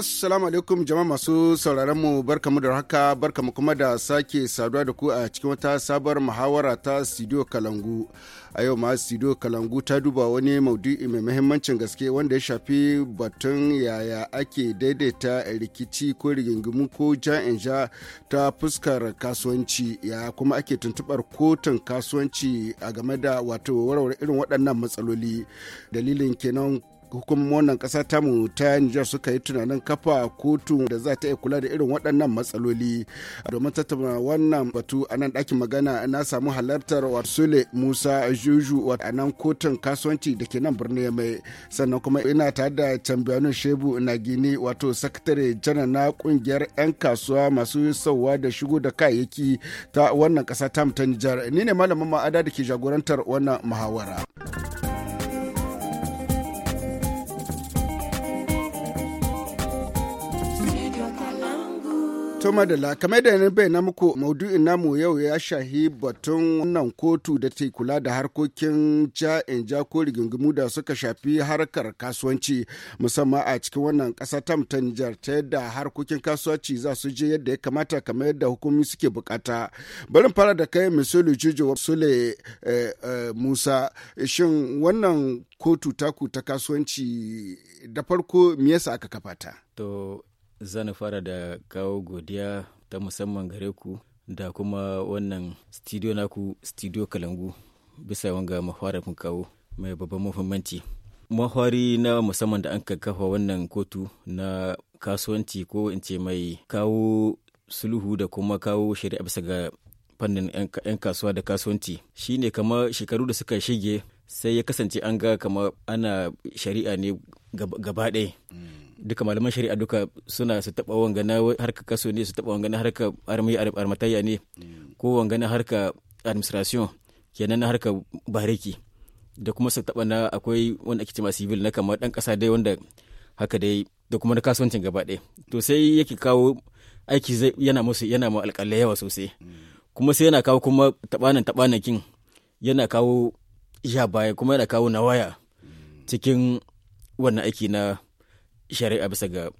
Assalamu alaikum jama'a masu sauraron mu barkamu da haka barkamu kuma da sake saduwa da ku a cikin wata sabuwar muhawara ta Studio Kalangu. A yau ma Studio Kalangu ta duba wani maudu'i mai muhimmancin gaske wanda ya shafi batun yaya ake daidaita rikici ko rigingimu ko ja'in ja ta fuskar kasuwanci ya kuma ake tuntubar kotun kasuwanci a game da wato warware irin waɗannan matsaloli. Dalilin kenan hukumomin wannan ƙasa tamu ta Nijar suka yi tunanin kafa kotu da za ta iya kula da irin waɗannan matsaloli. Domin tattauna wannan batu a nan ɗakin magana na samu halartar Sule Musa Juju a nan kotun kasuwanci da ke nan birnin mai sannan kuma ina tare da Tambiyanu Shebu na gini wato sakatare janar na kungiyar 'yan kasuwa masu sauwa da shigo da kayayyaki ta wannan ƙasa tamu ta Nijar. Ni ne malamin ma'ada da ke jagorantar wannan muhawara. Toma da kamar da na bayyana muku maudu'in namu yau ya shahi batun wannan kotu da ta kula da harkokin ja in ja ko rigingimu da suka shafi harkar kasuwanci musamman a cikin wannan ƙasa ta ta Nijar ta yadda harkokin kasuwanci za su je yadda ya kamata kamar yadda hukumi suke bukata. barin fara da kai misali Jujo Sule eh, eh, Musa shin wannan kotu taku ta kasuwanci da farko me yasa aka kafa ta? zan fara da kawo godiya ta musamman gare ku da kuma wannan studio naku studio kalangu bisa wanga mahwarar kun kawo mai babban muhimmanci mahwari na musamman da an kafa wannan kotu na kasuwanci ko in ce mai kawo sulhu da kuma kawo shari'a bisa ga fannin 'yan kasuwa da kasuwanci shine kama shekaru da suka shige sai ya kasance an ga kama ana shari'a ne gaba ɗaya mm. duka malaman shari'a duka suna su taɓa wangana harka kaso ne su taɓa wangana harka armi armataya ne ko wangana harka administration kenan na harka bariki da kuma su taɓa na akwai wanda ake cewa civil na kamar ɗan ƙasa dai wanda haka dai da kuma na kasuwancin gaba ɗaya to sai yake kawo aiki zai yana musu yana ma alƙalai yawa sosai kuma sai yana kawo kuma taɓanan taɓanakin yana kawo ja baya kuma yana kawo nawaya cikin wannan aiki na shari'a bisa ga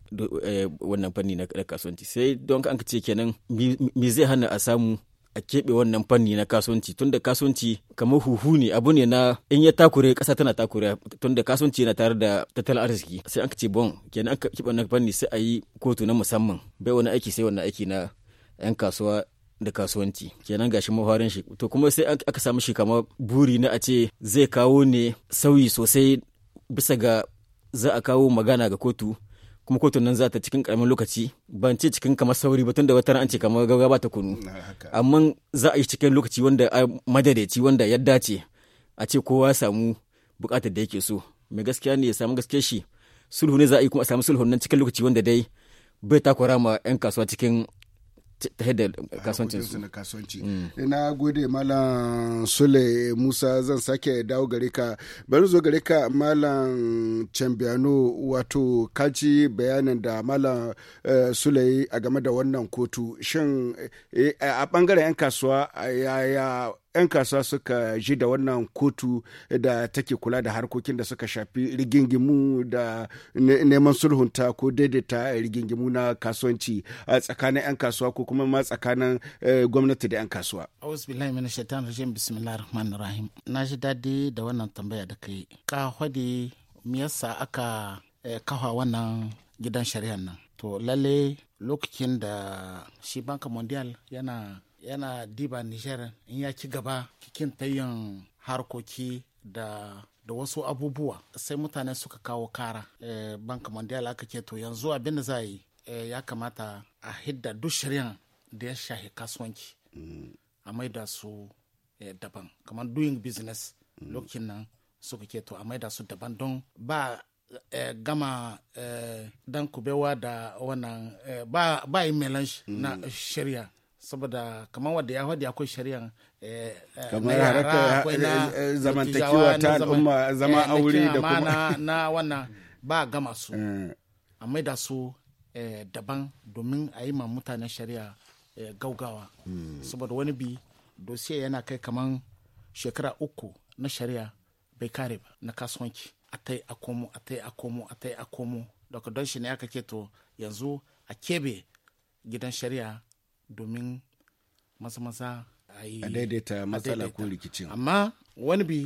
eh, wannan fanni na kasuwanci sai don an ce kenan me zai hana a samu a keɓe wannan fanni na kasuwanci tunda kasuwanci kamar huhu ne abu ne na in ya takure ƙasa tana takure tunda kasuwanci yana tare da tattalin arziki sai an ce bon kenan aka keɓe wannan fanni sai a yi kotu na musamman bai wani aiki sai wani aiki na 'yan kasuwa da kasuwanci kenan gashi mafarin shi to kuma sai aka samu shi kamar buri na a ce zai kawo ne sauyi sosai bisa ga za a kawo magana ga kotu kuma kotun nan za ta cikin karamin lokaci ban ce cikin kamar sauri ba tunda wata an ce kamar gaba ba ta kunu amma za a yi cikin lokaci wanda a madadaci wanda ya dace a ce kowa ya samu bukatar da yake so mai gaskiya ne ya samu gaske shi sulhu ne za a yi kuma a samu sulhu nan cikin lokaci wanda dai bai takura ma 'yan kasuwa cikin ta da kasuwancin su na kasuwanci ina mm. gode malam sule musa zan sake dawo gare ka bari zo gare ka malam cambiano wato kaji bayanin da malam eh, sule a game da wannan kotu shin eh, a bangaren yan kasuwa yaya 'yan kasuwa suka ji da wannan kotu da take kula da harkokin da suka shafi rigingimu da neman sulhunta ko daidaita rigingimu na kasuwanci a tsakanin 'yan kasuwa ko kuma ma tsakanin eh, gwamnati da 'yan kasuwa. bilayi min shaitan rajin bismillahir rahman rahim. Na ji daɗi da wannan tambaya da kai. Ka hwadi me yasa aka eh, kafa wannan gidan shari'ar nan? To lalle lokacin da shi Banka Mondial yana yana diba nijar in ya ci gaba cikin tayin harkoki da da wasu abubuwa sai mutane suka kawo kara e, eh, banka mondial aka ce to yanzu abin da za yi e, ya kamata a hidda duk shirin da ya shahi kasuwanci mm. a maida su e, daban kamar doing business mm. lokacin nan suka ke to a maida su daban don ba e, gama e, dan kubewa da wannan e, ba, ba yi melange na mm. shirya saboda kamar wadda ya faɗi akwai shari'an eh, eh, kamar haraka eh, zamantakewa ta al'umma zama aure da kuma na wannan ba gama su a maida su daban domin a yi ma mutanen shari'a gaugawa hmm. saboda wani bi dosiye yana kai kamar shekara uku na shari'a bai kare ba na kasuwanci a ta a akomo a tai a akomo a ta a akomo daga don shi ne aka keto yanzu a kebe gidan shari'a domin masa-masa a yi daidaita matsala ko rikicin amma wani bi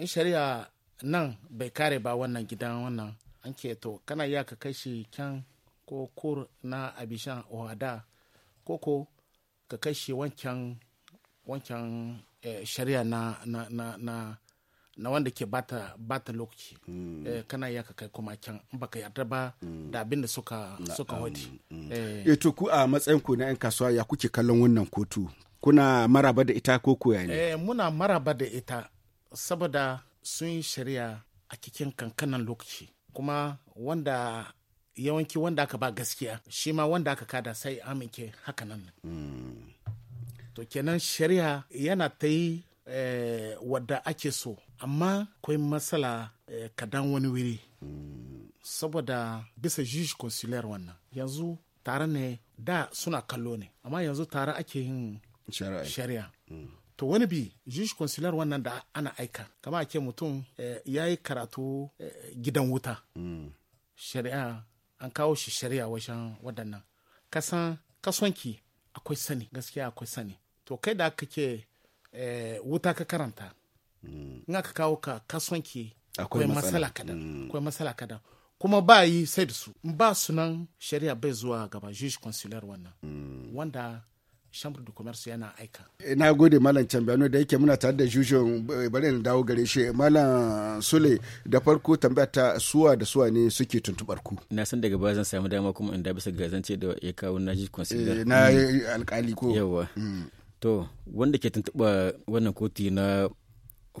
in shari'a nan bai kare ba wannan gidan wannan an ke to kana iya ka kai shi kyan ko kur na abishan ohada ko ko ka kai shi wancan eh, shari'a na na, na na wanda ke bata bata lokaci mm. eh, kana ya kai kuma can baka yarda ba mm. da abin da suka suka hoti mm. eh. eh, to ku a matsayin ku na yan kasuwa ya kuke kallon wannan kotu kuna maraba da ita ko koya ne eh, muna maraba da ita saboda sun shari'a a cikin kankanan lokaci kuma wanda yawanci wanda aka ba gaskiya shi ma wanda aka kada sai amince haka hakanan to kenan shari'a yana ta yi eh, wadda ake so amma akwai matsala eh, kadan wani wuri saboda bisa juge consular wannan yanzu tare ne da suna kallo ne amma yanzu tare ake yin shari'a mm. to wani bi juge consular wannan da ana aika kama ake mutum eh, ya yi karatu eh, gidan wuta mm. shari'a an kawo shi shari'a wajen waɗannan kasan kasonki akwai sani gaskiya akwai sani to kai da kake wuta ka karanta in aka kawo ka kasuwanki akwai matsala kadan mm. akwai matsala kadan kuma ba yi sai da su ba su nan shari'a bai zuwa gaba juge consular wannan mm. wanda chambre de commerce yana aika. Eh, na gode Malam Cambiano da yake muna tare da juge eh, bari na dawo gare shi Malam Sule da farko tambaya ta suwa da suwa ne suke tuntubar ku. Na san daga bazan sami samu dama kuma inda bisa ga zance da ya kawo na juge consular eh, Na mm. alkali ko. Yawa. To wanda ke tuntuba wannan koti na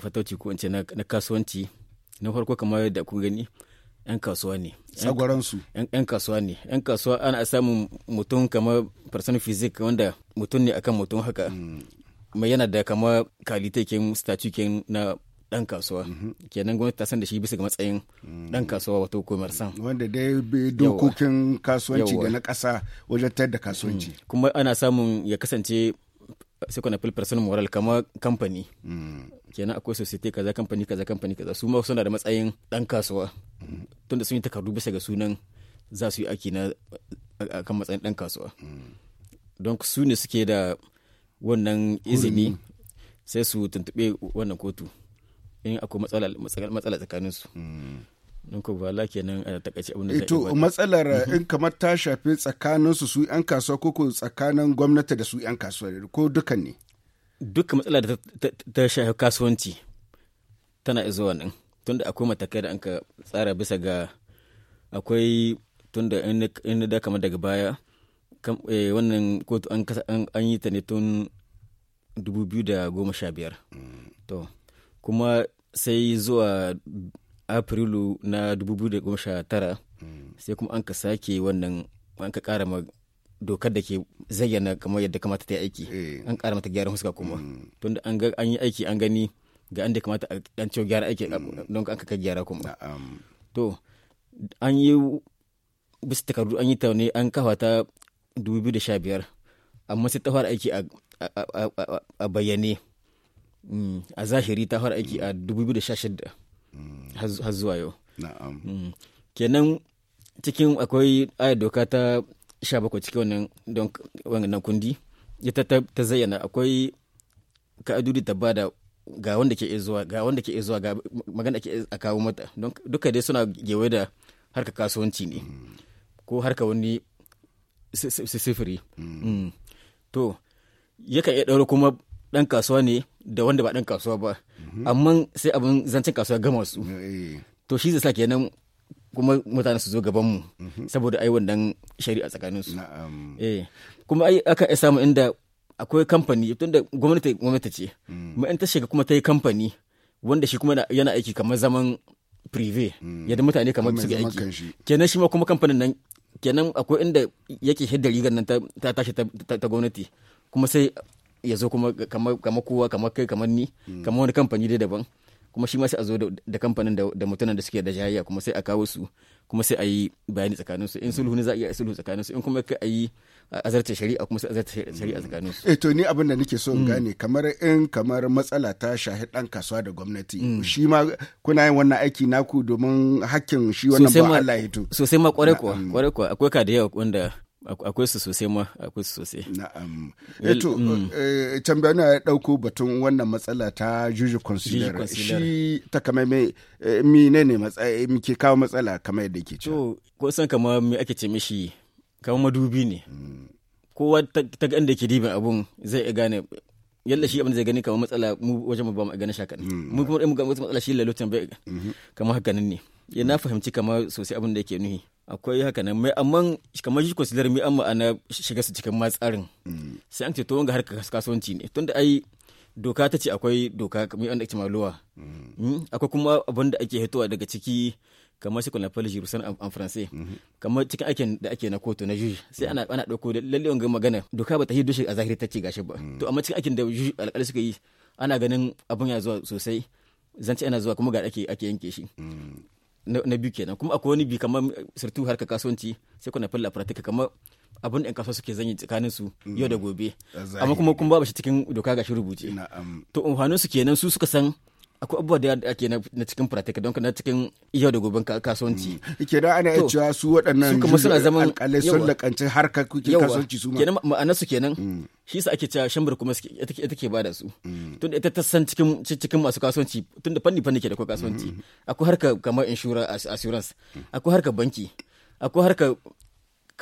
fatauci ko ince na kasuwanci na farko kamar yadda ku gani yan kasuwa ne sagwaransu yan kasuwa ne yan kasuwa ana samun mutum kamar person physique wanda mutum ne akan mutum haka mm. mai yana da kama kalite kin statu kin na dan kasuwa mm-hmm. kenan gwamnati ta san da shi bisa ga matsayin dan kasuwa wato komersan mm. wanda dai dokokin kasuwanci da na kasa wajen da kasuwanci mm. kuma ana samun ya kasance second appeal person moral kama kamfani kenan akwai society kaza kamfani kaza kamfani kaza su ma suna da matsayin dan kasuwa tunda sun yi takardu bisa ga sunan za su yi aiki na kan matsayin dan kasuwa don su ne suke da wannan izini sai su tuntube wannan kotu in akwai matsala tsakanin su don ko bala kenan a takaice abin da to matsalar mhm. in kamar ta shafi tsakanin su su yan kasuwa ko ko tsakanin gwamnati da su yan kasuwa ko dukan ne duk matsala da ta shafi kasuwanci tana izuwa nan tunda akwai matakai da an ka tsara bisa ga akwai tunda in da kama daga baya eh, wannan kotu an yi ta ne tun 2015 to kuma sai zuwa afrilu na 2019 mm. sai kuma an ka sake wannan an ka kara dokar da ke zayyana kamar yadda kamata ta yi aiki eh. an kara mata gyaran huska kuma mm. tunda an ga an yi aiki an gani ga an da kamata an ciwo gyara aiki mm. don an kaka gyara kuma to an yi bisa takardu an yi ta ne an kafa ta 2015 amma sai ta fara aiki a bayyane mm. a zahiri ta fara aiki a 2016 har zuwa yau kenan cikin akwai ayar doka ta 17 cikin wannan don wannan kundi ya ta, ta zayyana akwai ka'adudi ta bada ga wanda ke zuwa ga wanda ke zuwa ga magana ke a kawo mata don duka dai suna gewe da harka kasuwanci ne ko harka wani sifiri mm. to yakan iya ɗaura kuma ɗan kasuwa ne da wanda ba ɗan kasuwa ba mm-hmm. amma sai abin zancen kasuwa gama su eh. to shi zai sa kenan kuma mutane su zo gaban mu mhm. saboda ai wannan shari'a tsakanin su eh kuma ai aka isa mu inda akwai kamfani tunda gwamnati gwamnati ce mu mm. an ta shiga kuma ta yi kamfani wanda shi kuma yana aiki kamar zaman prive mm. yadda mutane kamar su ga aiki kenan shi ma kuma kamfanin nan kenan akwai inda yake hidda rigar nan ta tashi ta gwamnati kuma sai ya zo kuma kamar kowa kamar kai kamar ni mm. kamar wani kamfani dai daban kuma shi ma sai a zo da kamfanin da mutanen da suke da jayayya kuma sai a kawo su kuma sai a yi bayani tsakanin su in mm. sulhu ne za a iya sulhu tsakanin su in kuma ka a yi azarta shari'a kuma sai azarta mm. shari'a tsakanin su eh, to ni abin da nake so in mm. gane kamar in kamar matsala ta shahi dan kasuwa da gwamnati shi ma kuna yin wannan aiki naku domin hakkin shi wannan ba Allah ya to sosai ma kwarai kuwa kwarai kuwa akwai ka da yawa wanda akwai su sosai ma akwai su sosai na'am eto eh, mm. eh, tambaya ya dauko batun wannan matsala ta juju consular shi ta kamar mai eh, ne ne matsayi muke kawo matsala kamar yadda ke cewa ko san kamar mai ake ce mishi kamar madubi ne mm. kowa ta ga inda ke dibin abun zai gane yalla shi abin zai gani kamar matsala mu wajen mu ba mu gane shakan mm. mu kuma mu ga matsala shi lalutan bai mm-hmm. kamar hakanin ne ya na fahimci kamar sosai abin da yake nuhi akwai haka nan mai amma kamar shi kwasilar mai amma ana shiga su cikin matsarin sai an ce to wanga harkar kasuwanci ne tunda ai doka ta ce akwai doka mai wanda ake maluwa hmm? akwai kuma abin da ake hitowa daga ciki kamar shekul nafal jirusan an faransai kamar cikin aikin da ake na kotu na juji sai ana ana da lalle wanga magana doka ba ta hido shi a zahiri ta ce gashi ba to amma cikin aikin da juji alƙalai suka yi ana ganin abin ya zuwa sosai zance ana zuwa kuma ga ake ake yanke shi na biyu kenan kuma akwai wani bi kamar surtu harka kasuwanci sai kuna falla pratika kamar abin 'yan kasuwa suke zanyi tsakanin su mm. yau da gobe amma kuma kuma babu shi cikin doka gashi rubuce to umfanin su kenan su suka san akwai abubuwa da ake na cikin pratika don na cikin yau da gobin kasuwanci da hmm. ana yi cewa su waɗannan kuma suna zaman alƙalai sun kancin harkar kuke kasuwanci su ma kenan ma'anar su kenan hmm. shi sa ake cewa shambar kuma ita ke bada su hmm. tunda ita ta san cikin cikin masu kasuwanci tunda fanni fanni ke da kasuwanci akwai harka kamar insurance akwai harka banki akwai harka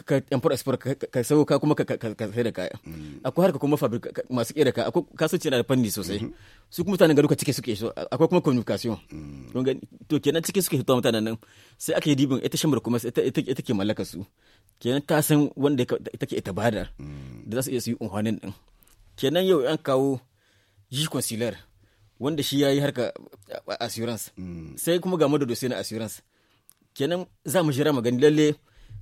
ka import export ka sayo ka kuma ka ka sai da kaya mm. akwai harka kuma fabric masu kera ka akwai kasance na da fanni sosai mm-hmm. su kuma mutanen garuka cike suke so akwai kuma communication don mm. gani to kenan cike suke fitowa mutanen nan sai aka yi dibin ita shamar kuma ita ke mallaka su kenan ta san wanda take ita bada mm. da za su iya su yi unhwanin din kenan yau an kawo ji consular wanda shi ya yi harka assurance sai kuma ga madado sai na assurance kenan za mu jira magani lalle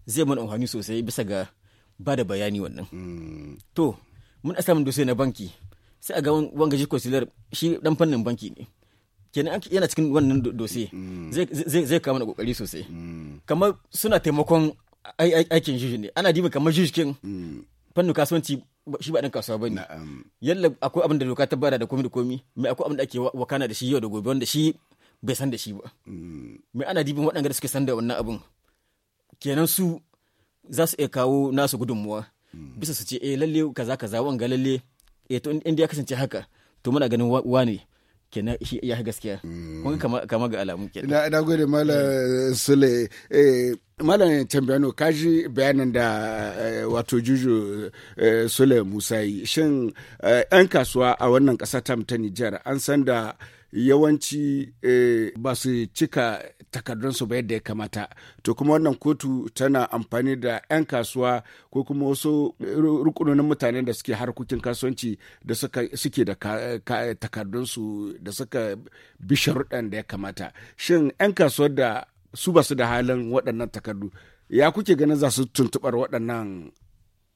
zai mana amfani sosai bisa ga ba da bayani wannan mm. to mun a samun dosai na banki sai a ga wanga shi consular shi dan fannin banki ne kenan yana cikin wannan dosai mm. zai kama da kokari sosai mm. kamar suna taimakon aikin juji ne ana dima kamar jujikin fannin kasuwanci shi ba dan kasuwa ba ne. yalla akwai abin da doka ta bada da komi da komi mai akwai abin da ake wakana da shi yau da gobe wanda shi bai san da shi ba mai ana dibin waɗanda suke san da wannan abin kenan su za su iya kawo nasu gudunmuwa hmm. bisa su ce eh lalle kaza kaza wanga lalle eh to inda ya kasance haka to muna ganin wane kenan shi ya gaskiya hmm. kun kama kama ga alamu kenan ina ina gode malam sule eh malam tambayano kaji bayanan da eh, wato juju eh, sule musa yi shin eh, an kasuwa a wannan kasa ta ta Nijar an san da yawanci eh, ba su cika takardunsu ba yadda ya kamata to kuma wannan kotu tana amfani da 'yan kasuwa ko kuma wasu rukunonin mutane da suke harkokin kasuwanci da suke da takardunsu da suka bi sharuɗan da ya kamata shin 'yan kasuwar da su basu da halin waɗannan takardu ya kuke ganin za su tuntuɓar waɗannan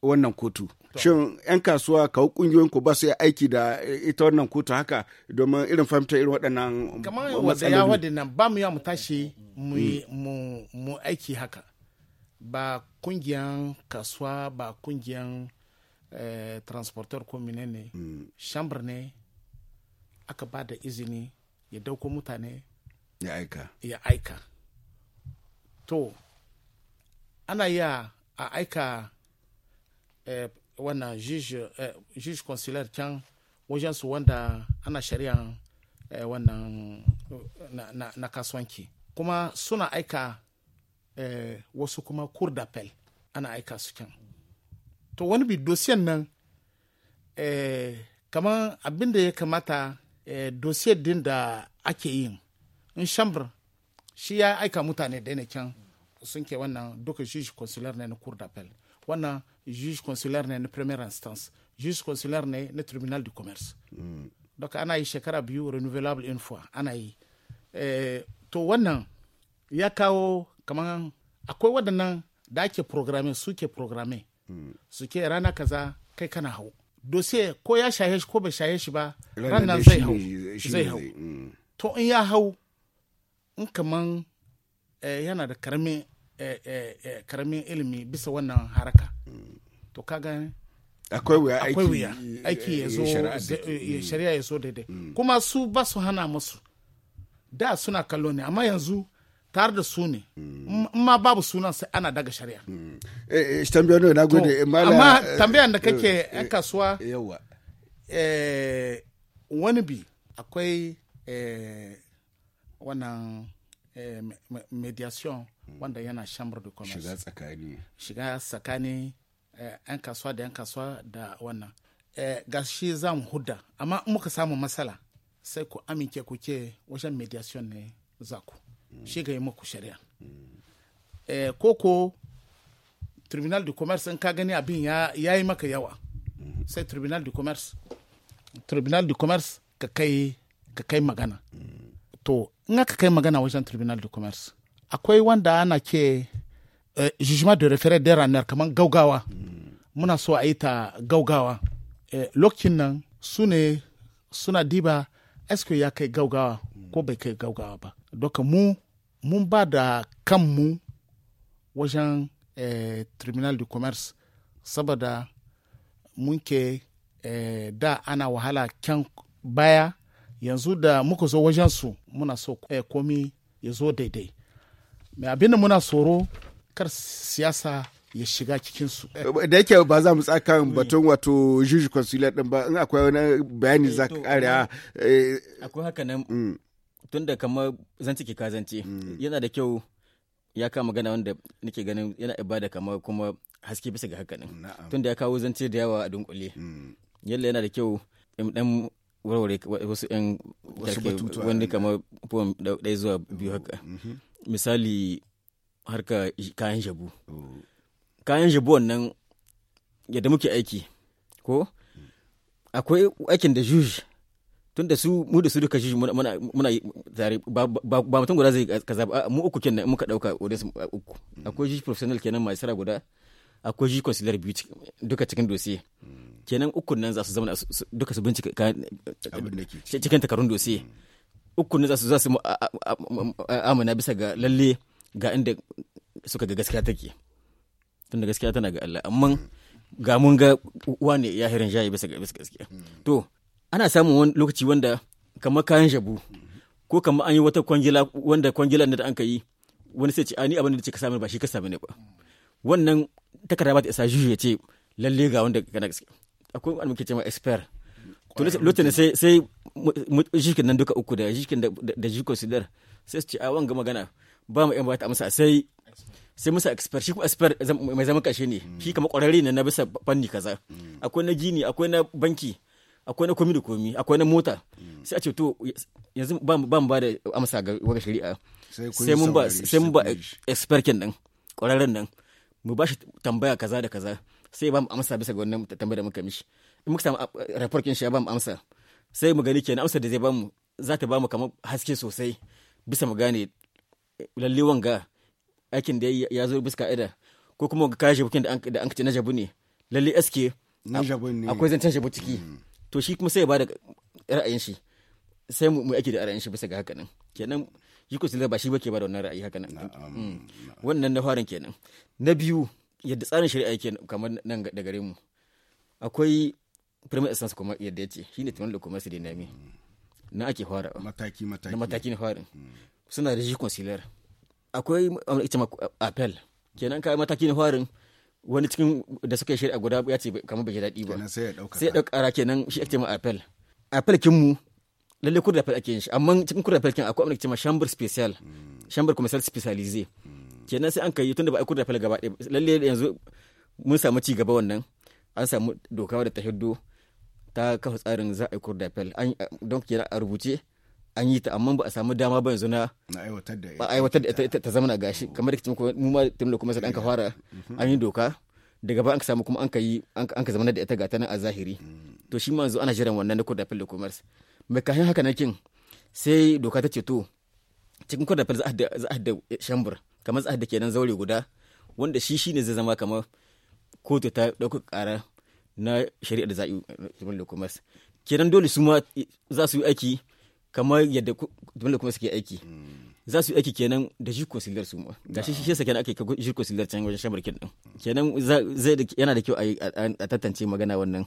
wannan kotu shin 'yan kasuwa ka kungiyoyin ku ba su yi aiki da ita wannan kotu haka domin irin fahimtar irin waɗannan kamar wanda ya ba mu mu tashi mm. mu aiki haka ba kungiyan kasuwa ba kungiyan eh, transporter transporteur ko ne mm. Shambar chambre ne aka ba da izini ya dauko mutane ya aika ya aika to ana yi a aika Eh, wannan juge eh, consular can wajensu wanda ana shari'a eh, wannan na kasuwanci kuma suna aika wasu kuma kurdapel ana aika su can to wani bi dosiyan nan kamar abin da ya kamata dosiyar din da ake yin in shambar shi ya aika mutane da yana can sun ke wannan duka shi consular na kurdapel wannan juge consulaire ne na première instance juge consulaire ne na tribunal du commerce mm. donc ana yi shekara biyu renouvelable une fois ana yi eh, to wannan ya kawo kamar akwai waɗannan da ake programme suke programme mm. suke rana kaza kai kana hau dossier ko ya shaye shi ko bai shaye shi ba ranar zai hau zai mm. hau to in ya hau in kaman eh, yana da karamin Eh, eh, eh, karamin ilimi bisa wannan haraka to ka akwai akwai wuya aiki ya zo shari'a ya zo daidai mm. kuma su ba su hana masu da suna kallo ne amma yanzu tare da su ne mm. ma babu sunan sai ana daga shari'a mm. tambayar na gode amma tambayar da kake yan kasuwa yawa wani bi akwai wannan mediation wanda yana shamar de commerce shiga tsakani shiga tsakani eh, yan kasuwa da yan kasuwa da wannan eh, ga shi za mu hudda amma in muka samu matsala sai ku amince ku ce wajen mediation ne za ku mm. shi ga yi muku shari'a mm. eh, ko ko tribunal de commerce in ka gani abin ya yi maka yawa mm. sai tribunal de commerce tribunal de commerce ka kai ka kai magana to in aka kai magana wajen tribunal de commerce akwai wanda ana ke uh, jugement de referendum ranar kamar gaugawa muna so a yi ta gaugawa eh, lokacin nan su ne suna diba eske ya kai gaugawa ko bai kai gaugawa ba doka mu mun ba da kanmu wajen eh, tribunal de commerce saboda mun ke eh, da ana wahala kyan baya yanzu da muka zo wajen su muna so eh, komi ya zo daidai mai abin da muna tsoro kar siyasa ya shiga cikinsu. Da yake ba za mu tsakan batun wato juju consular din ba in akwai wani bayani za ka kare eh, eh, Akwai haka nan mm. tun da kamar zance ke zance mm. yana da kyau ya kama magana wanda nake ganin yana ibada kamar kuma haske bisa ga haka nan. Tun da ya kawo zance da yawa a dunkule. Mm. Yalla yana da kyau in dan warware wasu 'yan wanda kamar ɗaya zuwa biyu haka. Mm-hmm. misali harka kayan jabu kayan jabu wannan yadda muke aiki ko akwai aikin da juj tun da su mu da su duka juj muna tare ba mutum guda zai kaza ba mu uku kenan muka dauka odes uku akwai juj professional kenan mai sara guda akwai juj consular beauty duka cikin dosiye kenan uku nan za su zama duka su bincika cikin takarun dossier. uku ne za su amana bisa ga lalle ga inda suka ga gaskiya take tunda gaskiya tana ga Allah amma ga mun ga wane ya hirin jayi bisa ga gaskiya to ana samun wani lokaci wanda kamar kayan jabu ko kamar an yi wata kwangila wanda ne da an ka yi wani sai ce a ni abin da ce ka sami ba shi ka sami ne ba wannan takarda ba ta isa juju ya ce lalle ga wanda kana gaskiya akwai wani muke cewa expert to lokacin sai sai jikin nan duka uku da jikin da jiko su dar sai su ce a wanga magana ba mu yan bata amsa sai sai musa expert shi kuma expert mai zama kashe ne shi kama kwararre ne na bisa fanni kaza akwai na gini akwai na banki akwai na komi da komi akwai na mota sai a ce to yanzu ba mu ba da amsa ga wata shari'a sai mun ba sai mun ba expert kin nan kwararren nan mu ba shi tambaya kaza da kaza sai ba mu amsa bisa ga wannan tambayar da muka mishi in muka samu uh, rapport kin shi ya bamu amsa sai mu gani kenan amsa da zai bamu za ta bamu kamar haske sosai bisa mu gane eh, lalle wanga aikin da ya zo bisa ka'ida ko kuma ga kashi bukin da an kace na jabu ne lalle aske akwai zancen jabu ciki mm. to shi kuma sai ya bada ra'ayin shi sai mu aiki da ra'ayin shi bisa ga haka nan kenan yiko silva ba shi ba ke wannan ra'ayi haka nan mm. wannan na farin kenan na biyu yadda tsarin shari'a yake kamar nan da gare mu akwai isa essence kuma yadda ya ce shi ne tunanin lokomarsu da nami na ake fara mataki mataki na mataki na fara hmm. suna da shi concealer akwai um, ita ma uh, apel kenan kai mataki na fara wani cikin da suka shirya guda ya ce kamar bai daɗi ba sai ya ɗauka ya kenan shi ake ma apel apel kin mu lalle kur da ake yin shi amma cikin kur da kin akwai abin da ke ma chamber special hmm. chamber commercial specialisé hmm. kenan sai an kai da ba a kur da gaba ɗaya lalle yanzu mun samu ci gaba wannan an samu doka da tahiddo ta kafa tsarin za a yi kurdafel don kenan a rubuce an yi ta amma ba a samu dama ba yanzu na ba aiwatar da ita ta zama na gashi kamar da kuma mu ma timla kuma sai an ka fara mhm. an yi doka daga ba an ka samu kuma an ka yi an ka zama da ita gata nan a zahiri mm. to shi ma yanzu ana jiran wannan na kurdafel da commerce mai kayan haka kin sai doka ta ce to cikin kurdafel za a da shambur kamar za a da kenan zaure guda wanda shi shine zai zama kamar kotu ta ɗauka ƙara na shari'a da za'i eh, da commerce kenan dole su ma za su yi aiki kamar yadda da commerce suke aiki hmm. za su yi aiki kenan da shi consular su ma ga shi yasa kenan ake kago shi consular can wajen shamar kin din kenan zai yana da kyau a tantance magana wannan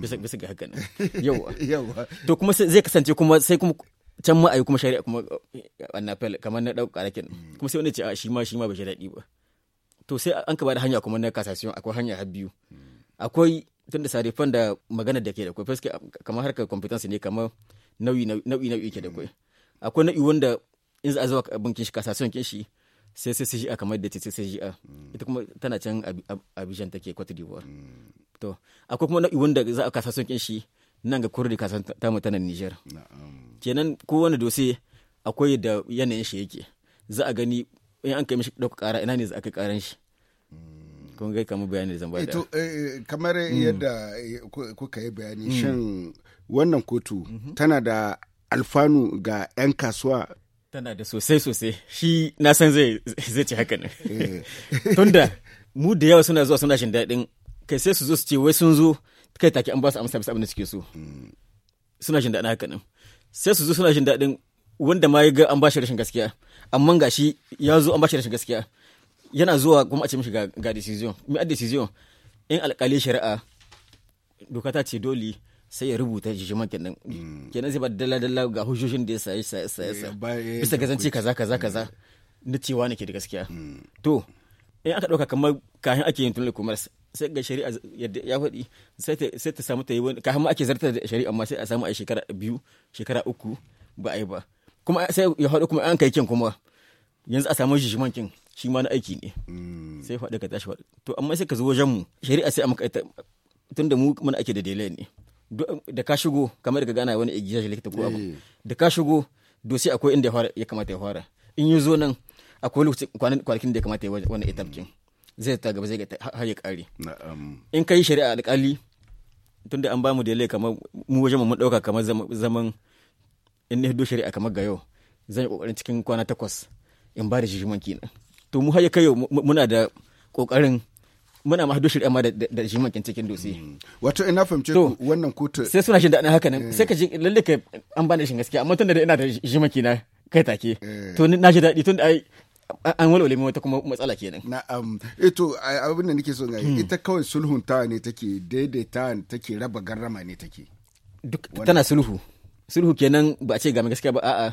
bisa bisa ga haka nan yawa yawa to kuma zai kasance kuma sai kuma can ma ayi kuma shari'a kuma fel eh, kamar na dauka kenan hmm. kuma sai wani ce ah, shi ma shi ma bai daɗi ba to sai an ka da hanya kuma na kasasiyon akwai hanya har biyu hmm. akwai tun da sarifan da magana da ke da kwai faske kamar harkar competency ne kamar nau'i nau'i ke da kwai akwai nau'i wanda in za a zuwa abin kin shi kasa son kin shi sai sai sai a kamar da sai sai a ita kuma tana can abijan take kwata d'ivoire to akwai kuma nau'i wanda za a kasa son kin shi nan ga kurdi kasa ta ta nan niger kenan ko wani dose akwai da yanayin shi yake za a gani in an kai mishi ɗauka ƙara ina ne za a kai ƙaran shi kun ga kamar bayani da zan bada eh, eh, kamar mm. yadda eh, kuka yi bayani mm. shan wannan kotu mm-hmm. tana da alfanu ga 'yan kasuwa tana da sosai sosai shi na san zai zai ce haka ne tunda mu da yawa suna zuwa suna shin daɗin kai sai su zo su ce wai sun zo kai take an ba su amsa bisa abin da suke so mm. suna jin daɗin haka ne sai su zo suna jin daɗin wanda ma ya ga an ba shi rashin gaskiya amma ga shi ya zo an ba shi rashin gaskiya yana zuwa kuma a ce mishi ga, decision mai a decision in alkali shari'a doka ta ce dole sai ya rubuta jijima kenan hmm. kenan sai ba dala dala ga hujjojin da ya sayi sayi sayi eh, eh, bisa ga zance kaza kaza hmm. kaza na cewa da gaskiya hmm. to in aka dauka kamar ake yin sai ga shari'a yadda ya faɗi sai ta samu ta yi wani ake zartar da shari'a sai a samu a shekara biyu shekara uku ba a yi ba kuma sai ya kuma an kai kin kuma yanzu a samu jijiman kin shi ma na aiki ne mm. sai faɗi ka tashi to amma sai ka zo wajen mu shari'a sai a maka ita tun da mu muna ake da delay ne da ka shigo kamar da ka gana wani igiya shi likita ko abu eh. da ka shigo do sai akwai inda ya kamata ya fara in yi zo nan akwai lokaci kwanakin da ya kamata ya wani itabkin zai ta gaba zai har ya kare in ka yi shari'a alƙali tun da an ba mu delay kamar mu wajen mu mun ɗauka kamar zaman in ne do shari'a kamar ga yau zan yi kokarin cikin kwana takwas in ba da shi kenan to mu har kai muna da kokarin muna ma hadu shirya ma da jimakin cikin dutse. Hmm. Wato ina fahimce ku wannan kotu. Sai suna shi ana haka nan eh. sai ka ji lalle ka an bani shin gaskiya amma tun da ina da jimaki na kai take. Eh. To na ji daɗi tun da ai an walwale wata kuma matsala kenan. Na'am. Eto eh abin da nake so ga hmm. ita kawai ta ne take daidaita take raba garrama ne take. Duk tana sulhu. Sulhu kenan ba a ce ga gaskiya ba a'a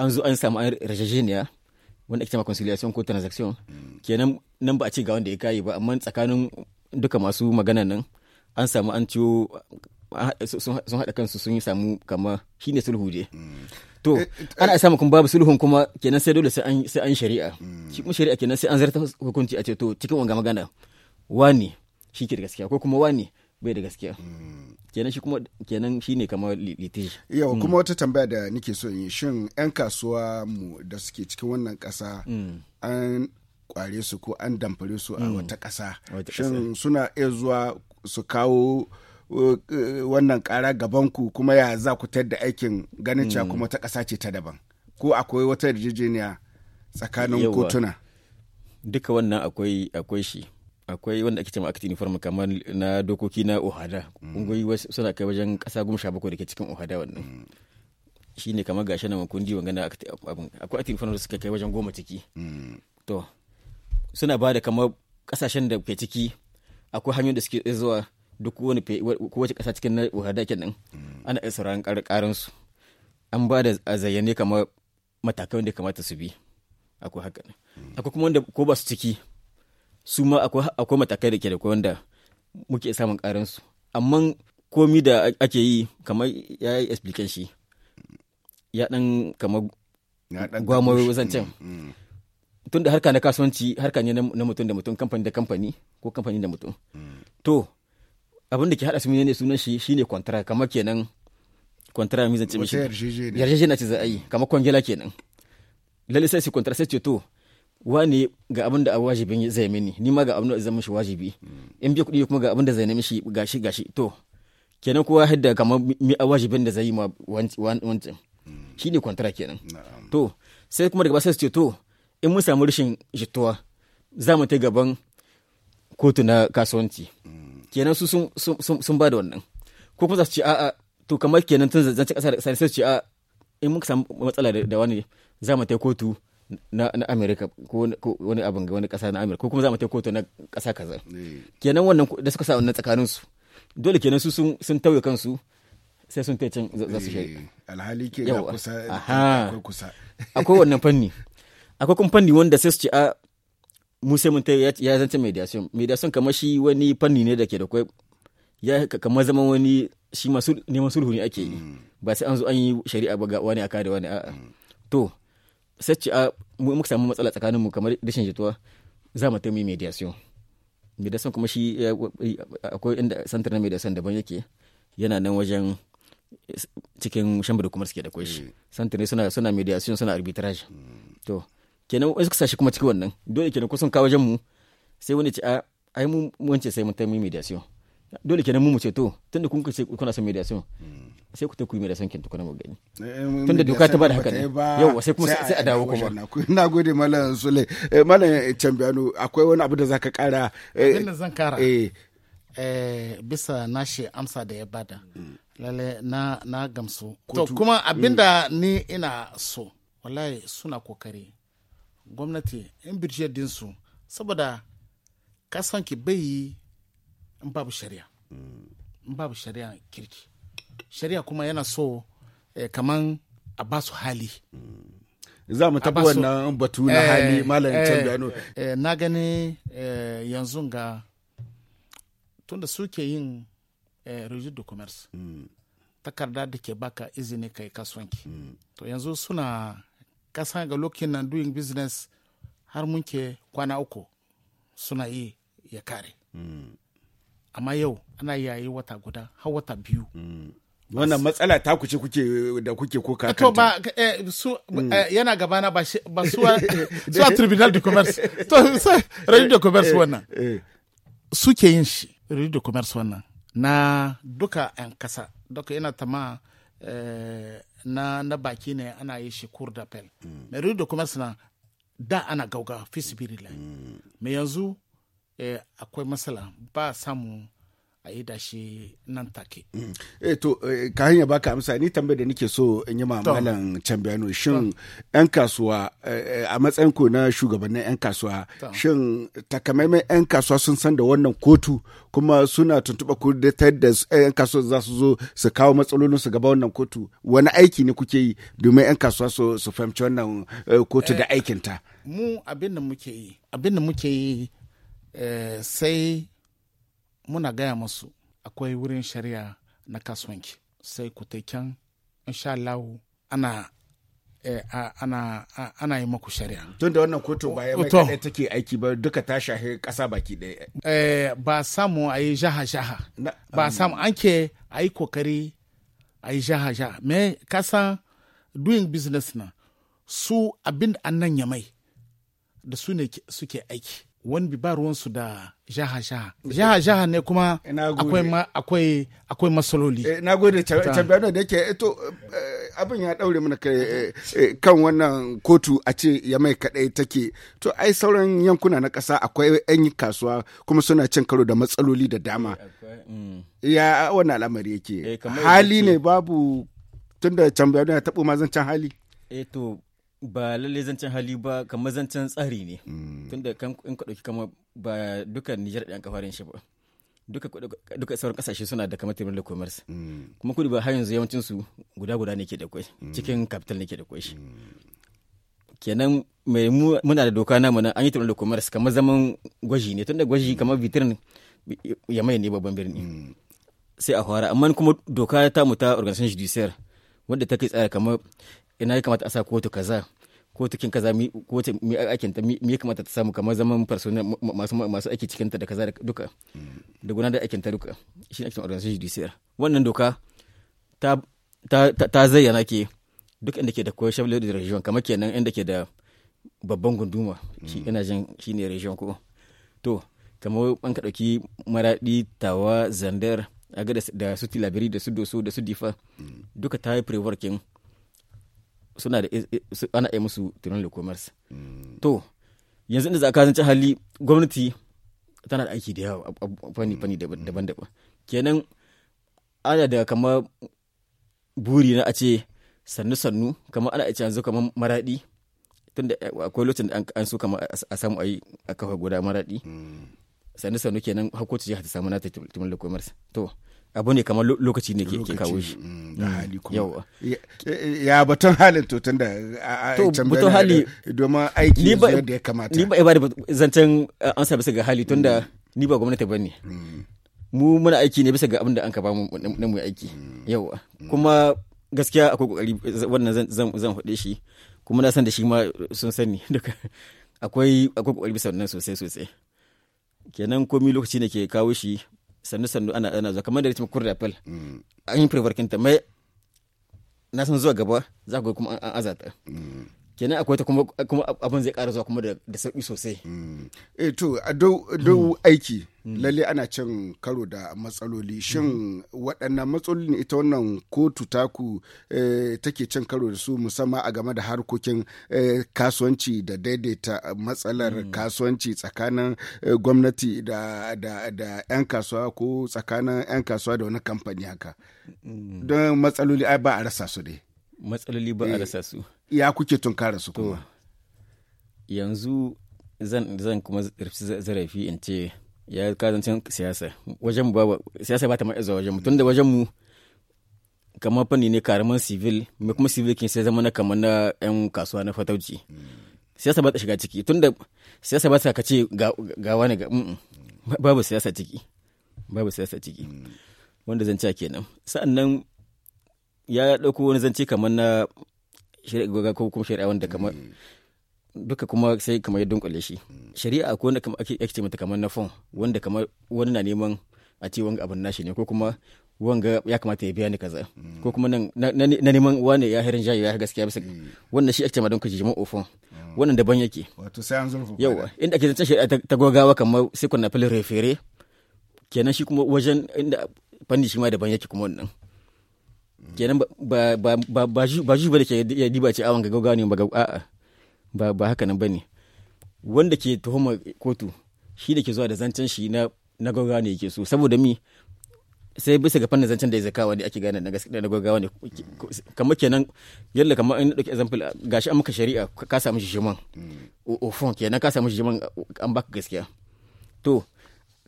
an zo an samu an rajajeniya. wanda ake cewa conciliation ko transaction kenan nan ba a ce ga wanda ya kayi ba amma tsakanin duka masu magana nan an samu an ciwo sun haɗa kansu sun yi samu kama shine sulhu je to eh, eh, eh. ana samu kuma babu sulhun kuma kenan sai dole sai an sai an shari'a shi kuma shari'a kenan sai an zarta hukunci a ce to cikin wanga magana wani shi ke da gaskiya ko kuma wani bai da gaskiya kenan shi kuma kenan ne kamar yau mm. kuma wata tambaya da nike so yi shin yan kasuwa mu da suke cikin wannan kasa mm. an kware su ko an damfare su a mm. wata kasa shin suna iya zuwa su kawo uh, uh, wannan kara gaban ku kuma ya za ku tayar da aikin ganin cewa kuma ta kasa ce ta daban ko akwai wata yarjejeniya tsakanin kotuna duka wannan akwai shi akwai wanda ake cewa act uniform kamar na dokoki na ohada mm. kungiyoyi suna kai wajen kasa goma sha bakwai da ke cikin ohada wannan mm. shi ne kamar gashi na kundi wangana akwai act uniform suka kai wajen goma ciki mm. to suna ba da kamar kasashen da ke ciki akwai hanyoyin da suke zuwa duk wani kowace kasa cikin na ohada kenan ana iya sauraron karin su an ba da zayyane kamar matakai wanda kamata su bi akwai haka akwai kuma wanda ko ba su ciki su ma akwai matakai da ke da wanda muke samun su amma komi da ake yi kamar ya yi explication shi ya dan kamar gwamar mm, mm. tun da harka na kasuwanci harka ne na mutum da mutum kamfani da kamfani ko kamfani da mutum mm. to abin da ke haɗa su ne sunan shi shine kwantara kamar kenan kwantara mizan zance mishi na ce za a yi kamar kwangila kenan lalisa sai su kwantara sai ce to wani ga abin da a wajibin zai mini ni ma ga abin da zai mishi wajibi in bi kuɗi kuma ga abin da zai nemi shi gashi gashi to kenan kowa hidda kamar mi a wajibin da zai yi ma wancan hmm. shi ne kwantara kenan to sai kuma daga sai su ce to in mun samu rashin jituwa za mu ta gaban kotu na kasuwanci hmm. kenan su sun ba da wannan ko kuma za su ce a'a to kamar kenan tun zance ƙasa da ƙasa sai su ce a'a in mun samu matsala da wani za mu ta kotu na, na amerika ko wani abin ga wani kasa na amerika ko kuma za mu ta kotu na kasa kaza mm. kenan wannan da suka sa wannan tsakanin su dole kenan su sun sun tauye kansu sai sun tace za su eh, shi alhali ke da kusa aha kusa akwai wannan fanni akwai kuma fanni wanda sai su ci a mu sai mun ya zance mediation mediation kamar shi wani fanni ne da ke da kai ya kamar zaman wani shi masu neman sulhu ne ake yi mm. ba sai an zo an yi shari'a ba ga wani aka da wani a'a mm. to sai ce a muka samu matsala tsakanin mu kamar rashin jituwa za mu taimi mediation mediation kuma shi eh, akwai inda santar na mediation daban yake yana nan wajen cikin shambar kuma suke da kwai shi santar mm. ne suna suna mediation suna arbitrage to kenan wani suka sashi kuma cikin wannan dole kenan kusan kawo wajen mu sai wani ce a ai mu wance sai mun taimi mediation dole kenan mu mu ce to tunda kun ce kuna son mediation mm. sai ku ta ku yi mai da sankin tukuna mu gani eh, eh, tun da doka ta ba haka ne yau sai kuma sai a dawo kuma na gode malam sule eh, malam cambiano akwai wani abu da zaka kara abinda zan kara bisa nashi amsa da ya bada mm. lalle na na gamsu to kuma mm. abinda ni ina so wallahi suna kokari gwamnati in din su saboda kasanki bai yi in babu shari'a mm. in babu shari'a kirki shari'a kuma yana so eh, kaman a ba su hali mm. za mu taɓa wannan batu na hali eh, malam eh, can gano eh, na gani yanzu ga tunda suke yin rigid de commerce mm. takarda da ke baka izini kai kasuwanki mm. to yanzu suna kasa ga lokacin na doing business har mun ke kwana uku suna yi ya kare amma yau ana yayi wata guda har wata biyu wannan matsala ta kuce kuke da kuke ko ka to ba eh, su hmm. eh, yana gabana ba ba su su tribunal de commerce to radio de commerce eh, wannan ke yin shi radio de commerce wannan na duka yan kasa duka yana tama na na baki ne ana yi shi cour d'appel mm. mais radio de commerce na da ana gauga fi sibiri mm. mais yanzu akwai matsala ba samu a yi da nan take. Mm. Eh to eh, ka hanya baka amsa ni tambayar da nake so in yi mamalan can bayano shin yan kasuwa eh, eh, a matsayin ko na shugabannin yan kasuwa shin takamaiman yan kasuwa sun san da wannan kotu kuma suna tuntuɓa ko da ta yadda yan kasuwa za su zo su kawo matsalolin su gaba wannan kotu wani aiki ne kuke yi domin yan kasuwa su fahimci wannan kotu da aikinta. Mu abin da muke yi abin da muke yi sai muna gaya musu akwai wurin shari'a na kasuwanci sai ku ta can insha Allah ana Eh, ana, ana yi maku shari'a. Tun wannan kotu ba ya mai take aiki ba duka ta shahi ƙasa baki ɗaya. Eh, ba samu a yi jaha-jaha. Um, ba samu an ke a yi kokari a yi jaha-jaha. Me kasa doing business na su abin annan ya mai da su ne suke aiki. wani bi ba ruwansu da jaha jaha eh, jaha jaha ne kuma akwai masaloli eh, na gode champion da yake eto eh, abin ya daure mana kan wannan kotu a ce ya mai kadai take to ai sauran yankuna na kasa akwai yan kasuwa kuma suna cin karo da matsaloli da dama mm. ya wannan al'amari yake hali ne babu tunda champion ya tabo mazan can hali eto ba lalle zancen hali ba kamar zancen tsari ne mm. tunda in ka ɗauki kama ba duka nijar ɗan kafarin shi ba duka duka sauran kasashe suna da kamar taimakon commerce mm. kuma kudu ba har yanzu yawancin su guda guda ne ke da kwai mm. cikin capital ne ke da kwai kenan mai muna da doka namu nan an yi taimakon commerce kamar zaman gwaji ne tunda gwaji kamar vitrin ya mai ne babban birni sai a fara amma kuma doka ta mu ta organization judiciary wanda ta kai tsara kamar ina ya kamata a sa kotu kaza kotu kin kaza kotu mi aikin ta mi kamata ta samu kamar zaman personnel masu masu aiki cikin ta da kaza duka da gudanar da aikin ta duka shi ne aikin organization judiciaire wannan doka ta ta ta zayyana ke duk inda ke da koyar shafi da region kamar kenan inda ke da babban gunduma shi mm. ina jin shi ne region ko to kamar an ka ɗauki maraɗi tawa zandar aga da su tilabiri da su doso da su difa mm. duka ta yi prevarkin suna da ana yi musu tunan da commerce mm. to yanzu inda za ka zance hali gwamnati tana da aiki da yawa a fani fani mm. daban-daban kenan ana da kamar buri na a ce sannu-sannu kamar ana ce yanzu kamar maraɗi tunda eh, akwai lokacin da an so kamar a samu a yi a kafa guda Maradi mm. sannu-sannu kenan hakoci ya ta samu ta tunan da commerce to abu ne kamar lokaci ne ke kawo shi mm, mm, ya batun halin to tun da to batun hali domin aiki da ya kamata ni ba ba zancen an sa bisa ga hali tun da mm. ni ba gwamnati ba ne mu muna aiki ne bisa ga abin da an ka ba mu na mu aiki yawa kuma gaskiya akwai kokari wannan zan zan hude shi kuma na san da shi ma sun sani duka akwai akwai kokari bisa wannan sosai sosai kenan komi lokaci ne ke kawo shi sannu sannu ana ana zuwa kamar da ritmi kurda fil an yi firfarkin mai na san zuwa gaba za ku kuma an azata mm. kenan akwai ta kuma abin zai ƙara zuwa kuma da sauki sosai. Mm. eh to a aiki lalle ana cin karo da matsaloli shin waɗannan matsaloli ne ita wannan kotu taku eh, take cin karo da su musamman a game da harkokin eh, kasuwanci da daidaita matsalar mm. kasuwanci tsakanin eh, gwamnati da 'yan kasuwa ko tsakanin 'yan kasuwa da wani kamfani haka mm. don matsaloli ai ba a rasa su dai matsaloli ba a rasa su ya kuke tunkara su kuma yanzu zan zan kuma zarafi in ce ya kazancin siyasa wajen mu ba siyasa ba ta ma zuwa wajen mu tunda wajen mu kamar fanni ne karaman civil mai kuma civil kin sai zama na kamar na yan kasuwa na fatauci siyasa ba ta shiga ciki tunda siyasa ba ta ka ce ga wani ga babu siyasa ciki babu siyasa ciki mm. wanda zan ce kenan sa'annan ya dauko wani zance kamar na shari'a ko kuma shari'a wanda kamar mm. duka kuma sai kamar ya dunkule shi mm. shari'a ko wanda kamar ake ake mata kamar na fon wanda kamar wani na neman a ce wanga abin nashi ne ko kuma wanga ya kamata ya biya ni kaza mm. ko kuma nan na neman wani ya hirin jayo ya gaskiya bisa wannan shi ake ma dunkule jama'a ofon wannan daban yake wato sai an zurfa yawa inda ake zance shari'a ta gogawa kamar sai kuna fili refere kenan shi kuma wajen inda fanni shi ma daban yake kuma wannan kenan ba ba ba ba ba da ke ya diba ce awon gaggawa ne ba a'a ba ba haka nan bane wanda ke tuhuma kotu shi da ke zuwa da zancen shi na na gaggawa ne yake so saboda mi sai bisa ga fannin zancen da ya zakawa ne ake gane na gaggawa ne kamar kenan yalla kamar in dauki example gashi an maka shari'a ka samu shi shiman hmm. ofon kenan ka samu shi shiman an baka gaskiya to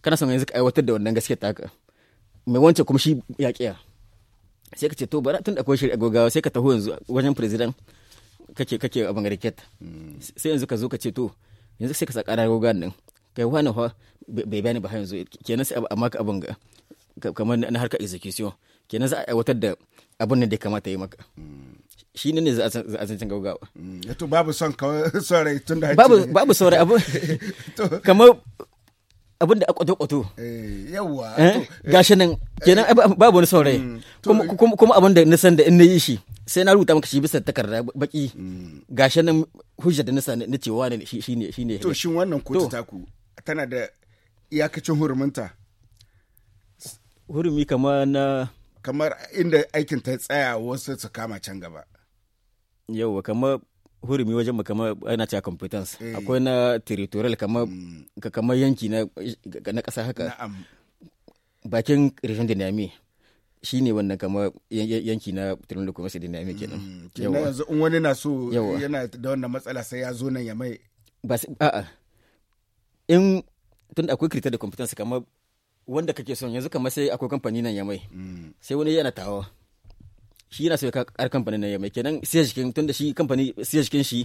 kana son yanzu ka aiwatar da wannan gaskiyar ta haka mai wancan kuma shi ya kiya sai ka ce to bara tun da akwai a gogawa sai ka taho yanzu wajen president kake kake a bangare ket sai yanzu ka zo ka ce to yanzu sai ka sa ƙara goga nan kai wani fa bai bani ba yanzu kenan sai a maka abin kamar na harkar execution kenan za a aiwatar da abin da ya kamata ya maka shi ne za a zancen gaugawa. Mm, to babu son son rai tun da Babu son rai abu kamar abin da akwato-kwato. kwato eh, eh, eh, Gashi nan, kenan babu wani saurayi. Mm, kuma abin da nisan da in na yi shi, sai na rubuta maka shi bisa takarda baki. Mm. Gashi nan hujja da nisa na cewa ne shi ne. shi ne. To, shin wannan kotu taku tana da iyakacin huruminta? Hurumi kamar na. Kamar inda aikin ta tsaya wasu su kama can gaba. Yawwa, kamar hurumi wajen kamar ana cewa competence eh. akwai na territorial kamar mm. yanki na kasa haka bakin region dynamic shi ne wannan kama yanki na tunanin commerce dynamic kenan mm. yawa yanzu in wani na so yana da wannan matsala sai ya zo nan ya mai ba a'a in tun akwai kirita da competence kamar wanda kake son yanzu kamar sai akwai kamfani nan ya mai mm. sai wani yana tawa shi yana so ya kar kamfanin nan ya mai kenan siya jikin tunda shi kamfani siya jikin shi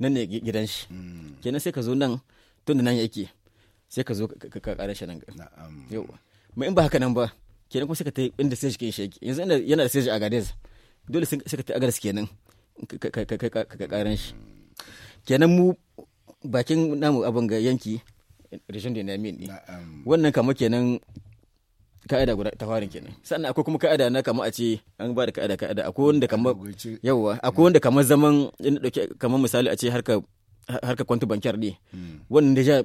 nan ne gidan shi mm. kenan sai ka zo nan tunda nan yake sai ka zo ka kare shi nan yau mai in ba haka nan ba kenan kuma sai ka tai inda siya jikin shi yake yanzu inda yana da siya a gadez dole sai ka ta agaris kenan ka ka karen shi mm. kenan mu bakin namu abin ga yanki region dynamic ne wannan kama kenan ka'ida guda ta farin kenan sannan akwai kuma ka'ida na kama a ce an ba da ka'ida ka'ida akwai wanda kamar yawa akwai wanda kamar zaman ina dauke kamar misali a ce harka harka kwantu bankiyar ne hmm. wannan da ja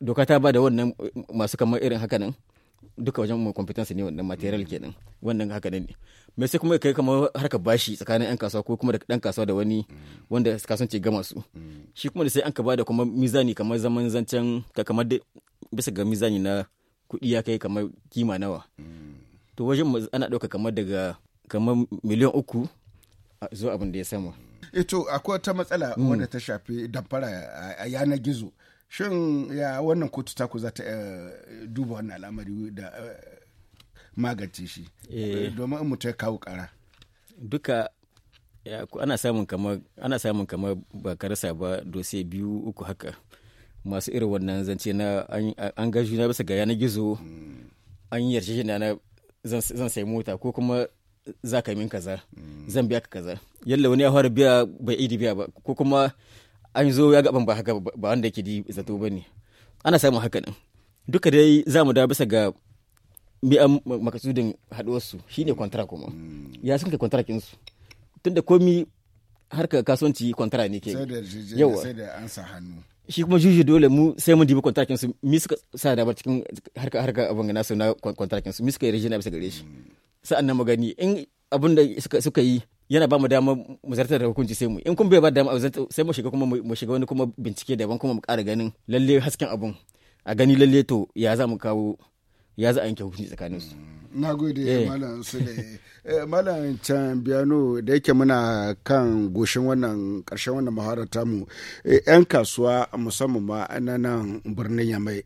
doka ta ba da wannan masu kamar irin haka nan duka wajen mu competence ne wannan material hmm. kenan wannan haka ne me sai kuma kai kamar harka bashi tsakanin yan kasuwa ko kuma da dan kasuwa da wani hmm. wanda kasance gama su shi kuma da sai an ka ba da kuma mizani kamar zaman zancen kamar bisa ga mizani na kuɗi ya kai kamar kima nawa mm. to wajen ana ɗauka kamar daga kamar miliyan uku zuwa abin da ya sama ito eh akwai wata matsala mm. wanda ta shafi damfara a yanar gizo shin ya wannan kotu ta ku za ta eh, duba wannan al'amari da eh, magance shi domin in mutum ya kawo kara duka ana samun kamar ana samun kamar ba karasa ba dose biyu uku haka masu irin wannan zance na an gaji na bisa ga yanar gizo an yi shi na zan sai mota ko kuma za ka min kaza zan biya ka kaza yalla wani ya fara biya bai idi biya ba ko kuma an zo ya gaban ba haka ba wanda yake di zato ba ne ana samun haka nan duka dai za mu da bisa ga biyan makasudin haɗuwarsu shine kwantara kuma ya sun kai kwantara kinsu tunda komi harka kasuwanci kwantara ne ke yawa sai da an sa hannu shi kuma juji dole mu sai mun dibi kontrakin su mi suka sa da cikin harka harka abin su na kontrakin su mi suka yi rijina bisa gare shi sa'an nan mu gani in abin da suka yi yana ba mu dama mu zartar da hukunci sai mu in kun bai ba dama sai mu shiga kuma mu shiga wani kuma bincike daban kuma mu ƙara ganin lalle hasken abun a gani lalle to ya za mu kawo ya za a yanke hukunci tsakanin su na gode eh. malam sule eh, malam can biyano da yake muna kan goshin wannan karshen wannan maharata mu. yan eh, kasuwa musamman ma na nan birnin yamai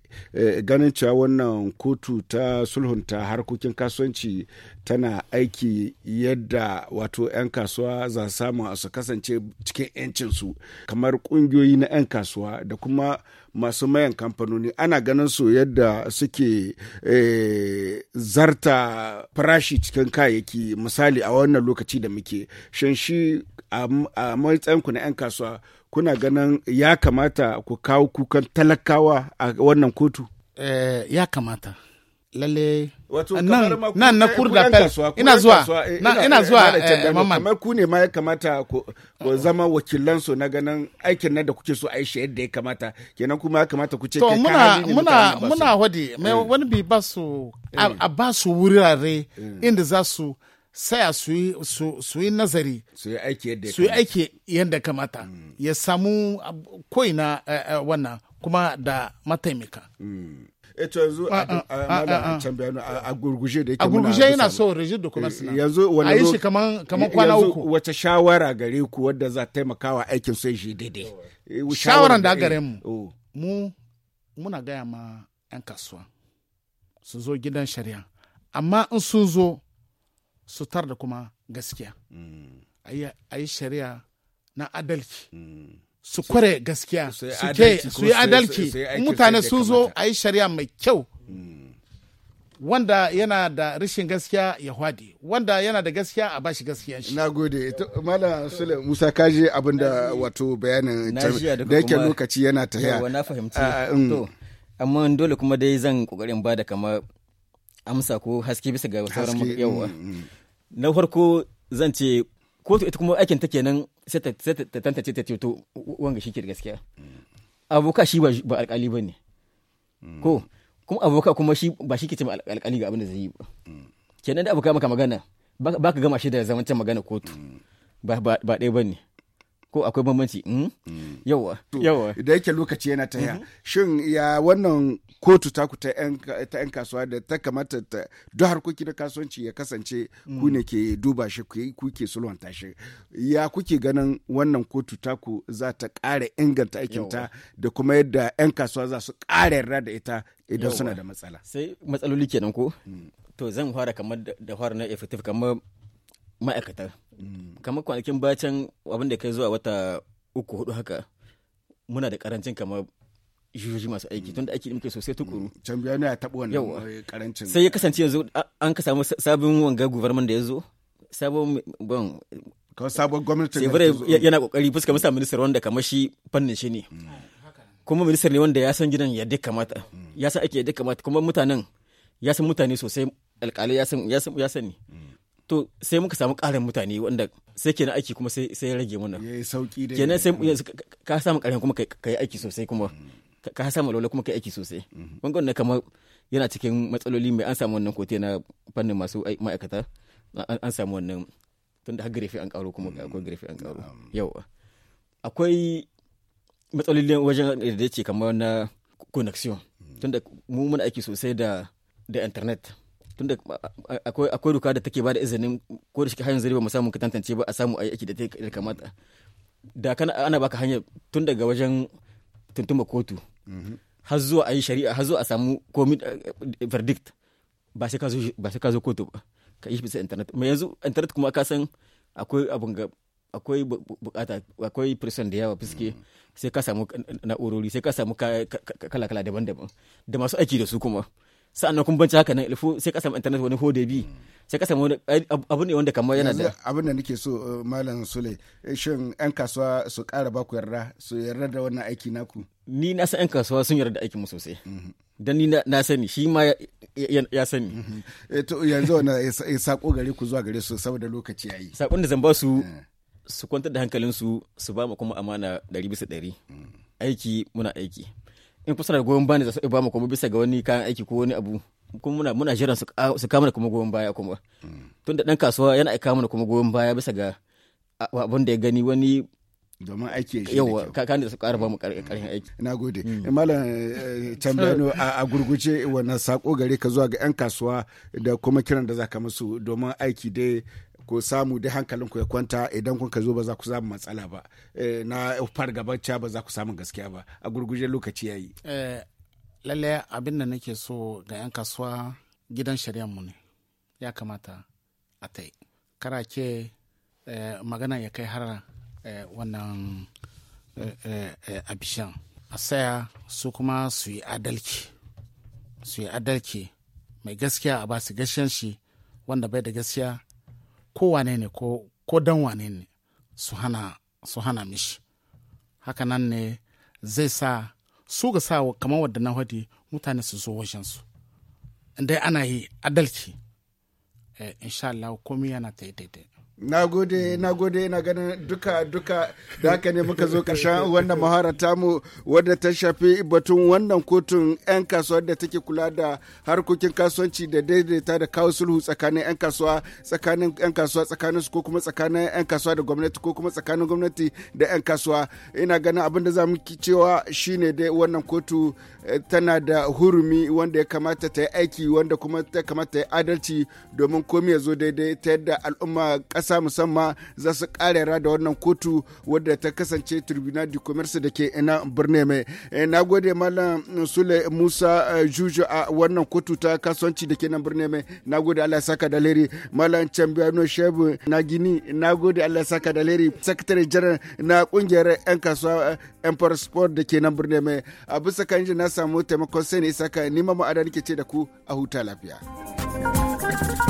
ganin cewa wannan kotu ta sulhunta harkokin kasuwanci tana aiki yadda wato yan kasuwa za samu su kasance cikin yancinsu kamar kungiyoyi na yan kasuwa da kuma masu mayan kamfanoni ana ganin su yadda suke e, zarta farashi cikin kayayyaki misali a wannan lokaci da muke shan shi a matsayinku na 'yan kasuwa kuna ganin ya kamata ku kawo kukan talakawa a wannan kotu? Eh, ya kamata lalle nan na kurda pel ina zuwa ina zuwa eh, mamman kamar ku ne ma ya kamata ku zama wakilan su na ganin aikin nan da kuke so aisha yadda ya kamata kenan kuma ya kamata ku ce kai muna muna muna wadi mai eh. wani bi ba su a ba su wurare eh. inda za su saya su yi nazari su yi aiki yadda kamata mm. ya samu koina wannan kuma da mataimaka mm. eto yanzu a can bayanu a gurguje da yake a gurguje yana so rigid documents na yanzu wani a yi shi kaman kaman kwana uku wace shawara gare ku wadda za ta taimakawa aikin sai shi daidai shawaran da gare eh, mu oh. mu muna gaya ma yan kasuwa su zo gidan shari'a amma in sun zo su tar da kuma gaskiya mm. ayi shari'a na adalci mm. su kware gaskiya su yi adalci mutane sun zo a yi shari'a mai kyau hmm. wanda yana da rashin gaskiya ya hwade wanda yana da gaskiya a bashi gaskiya shi na gode malam sule musa kaji abinda wato bayanin da yake lokaci yana ta yawa na fahimci ah, ah, mm. to amma dole kuma dai zan kokarin ba da kamar amsa ko haske bisa ga sauran yawa mm, mm. na farko zan ce ko ita kuma aikin ta kenan ta tantance ta to wanga shi ke da gaskiya aboka shi ba alkali ba ne mm. ko kuma aboka kuma shi ba shi ke ce alkali ga abin da zai yi ba mm. kenan da abokan maka magana ba ka gama shi da zamancin magana kotu mm. ba ɗaya ba ne ko akwai bambanci hmm? hmm. yawa yawa da yake lokaci yana ta ya mhm. shin ya wannan kotu taku ta yan kasuwa da ta kamata ta duk harkoki na kasuwanci ya kasance mm. ku ne ke duba shi ku ke sulwanta shi ya kuke ganin wannan kotu taku za ta ƙara inganta ta da kuma yadda yan kasuwa za su ƙara yarda da ita idan suna da matsala sai matsaloli kenan ko mm. to zan fara kamar da fara na effective kamar ma'aikata mm. kamar kwanakin bacin abin da kai zuwa wata uku hudu haka muna da karancin kamar jihohi masu aiki mm. tunda ake muke sosai tukuru mm. can biya na taɓa wannan karancin sai ya kasance yanzu an ka samu sabon wanga guverman da ya zo sabon bon kawai sabon gwamnatin sevire yana kokari fuska masa ministar wanda kamar shi fannin shi ne kuma ministar ne wanda ya san gidan yadda kamata ya san aiki yadda kamata kuma mutanen ya san mutane sosai alƙalai ya san ya sani to sai muka samu karin mutane wanda sai kenan aiki kuma sai sai rage mana yayi sauki dai kenan sai ka samu karin kuma kai aiki sosai kuma ka samu lola kuma kai aiki sosai mun mm-hmm. gwamna kamar yana cikin matsaloli mai an samu wannan kote na fannin masu ma'aikata an samu wannan tun da har an karo kuma mm-hmm. akwai garefe an karo um. yau akwai matsaloli wajen da ce kamar na connection mm. tun da mu muna aiki sosai da da internet tunda akwai akwai doka da take da izinin ko da shi hanyar zuri ba mu samu ka tantance ba a samu a aiki da ta kamata da kana ana baka hanya tun daga wajen tuntuma kotu mhm. har zuwa a yi shari'a har zuwa a samu komi eh, eh, verdict ba sai ka zo ba sai ka zo kotu ba ka yi bisa internet mai yanzu internet kuma ka san akwai abun ga akwai bukata akwai person da yawa fiske mhm. sai ka samu na'urori sai ka samu kala-kala daban-daban da masu aiki da su kuma nan kuma bance haka nan ilfu sai ka samu internet wani hode bi sai ka samu abu ne wanda kamar yana da abin da nake so eh, malam sule eh, shin yan kasuwa su ƙara baku yarda su yarda da wannan aiki naku ni na san yan kasuwa sun yarda aikin mu sosai mhm. dan ni na sani shi ma ya sani mhm. eh, to yanzu wannan sako gare ku zuwa gare su saboda lokaci yayi sakon da zan ba su su kwantar da hankalin su ba mu kuma amana 100 bisa 100 mm. aiki muna aiki in kusa da goyon bani za su ba mu kuma bisa ga wani kayan aiki ko wani abu kuma muna muna jiran su kama da kuma goyon baya kuma tun da dan kasuwa yana aika mana kuma goyon baya bisa ga abun da ya gani wani domin aiki ya shi yawa kakan da su kara ba mu mm. ƙarfin aiki na gode mm. eh, malam eh, tambayano a gurguje wannan sako gare ka zuwa ga yan kasuwa da kuma kiran da za ka musu domin aiki dai ku samu da hankalin ku ya kwanta idan kun ka zo ba za ku samu matsala ba eh, na ba za ku samu gaskiya ba a gurguje lokaci yayi yi eh, lalle abin da nake so ga 'yan kasuwa gidan mu ne ya kamata a ta yi kara ke eh, magana ya kai har wannan abishan a saya su kuma su yi adalci su yi adalci mai gaskiya a ba su gashen shi wanda bai da gaskiya ko wane ne ko dan wane ne su hana mishi haka nan ne zai sa su ga sa kamar wadda na hadi mutane su zo wajen su dai ana yi adalci eh, insha Allah komai yana ta na gode na gode ganin duka duka da haka ne muka zo karshen wannan muhara tamu wadda ta shafi batun wannan kotun 'yan kasuwa da take kula da harkokin kasuwanci da daidaita da kawo sulhu tsakanin 'yan kasuwa tsakanin 'yan kasuwa tsakanin su ko kuma tsakanin 'yan kasuwa da gwamnati ko kuma tsakanin gwamnati da 'yan kasuwa ina ganin abin da za mu cewa shine dai wannan kotu eh, tana da hurumi wanda ya kamata ta yi aiki wanda kuma ta kamata ta yi adalci domin komai ya zo daidai ta yadda al'umma kasa musamman za su ƙarera da wannan kotu wadda ta kasance tribunal du commerce da ke ina birni mai eh, na gode malam sule musa eh, juju a wannan kotu ta kasuwanci da ke nan birni mai na gode allah saka da leri malam cambiano shebu na gini na gode allah saka da leri sakatare jiran na kungiyar yan kasuwa eh, empire sport da ke nan birni mai a bisa kan na samu taimakon sai ne saka nima ma'adar ke ce da ku a huta lafiya. thank you